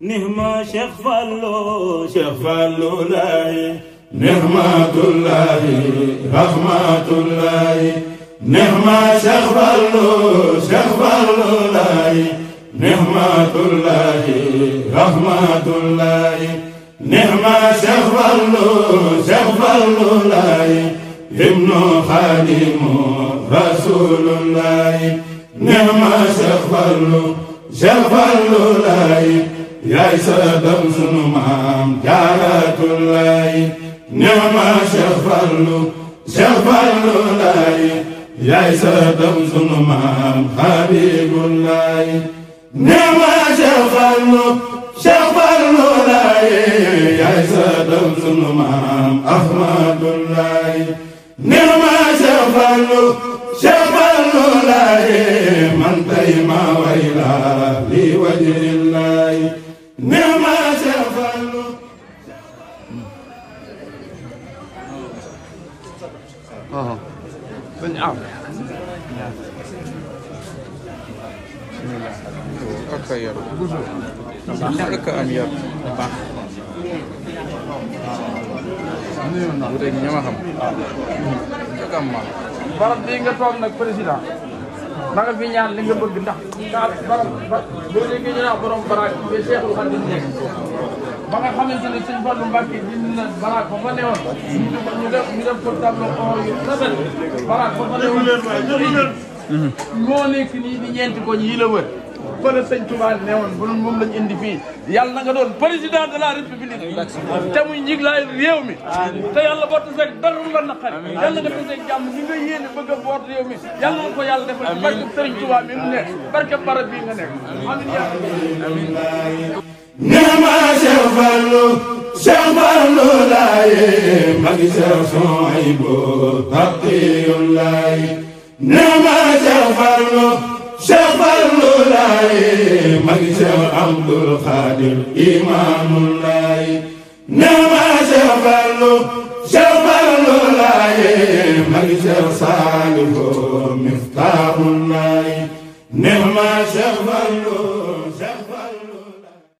نهما شيخ فلو شيخ فلو لاهي نهمة الله رحمة الله نهما شيخ فلو شيخ فلو لاهي نهمة الله رحمة الله نهما شيخ فلو شيخ فلو لاهي ابن خادم رسول الله نهما شيخ فلو شيخ فلو لاهي يا دمس نمام جعل كل نعم شغفل شغفل لاي يا دمس نمام حبيب الله نعم شغفل شغفل لاي يا دمس نمام أحمد الله نعم شغفل شغفل لاي من تيما ويلا لوجه الله barab bii nga toog nag président magal bi ñaan li nga bëgg ndax kaa borom ba boo déggee ñu naan ah borom baraag bi Seexul Xadiim nekk ba nga xamante ne sëñ Fallu Mbàkke dindi na baraag ba fa newoon ñu def ñu def ko tableau or ba fa newoon moo nekk nii ñeenti koñ yi la wër ba la sëñ Touba ne woon bu dul moom lañ indi fii yàlla na nga doon président de la république te muy njiglaay réew mi te yàlla boo taseeg dara lu la naqari yàlla nga taseeg jàmm ñi nga yéene bëgg a boot réew mi yàlla nga ko yàlla defal ci barke sëñ Touba mi mu nekk barke barab bii nga nekk amin yaa nema Cheikh Fallou Cheikh Fallou laaye magi Cheikh Souhaïbou haqiyullahi nema Cheikh Fallou Cheikh Fallou laay magi Seex Abdul Xaadir imaamul laay nama Seex Fallu Seex Fallu laay magi Seex Saalihu miftaaxul laay nama Seex Fallu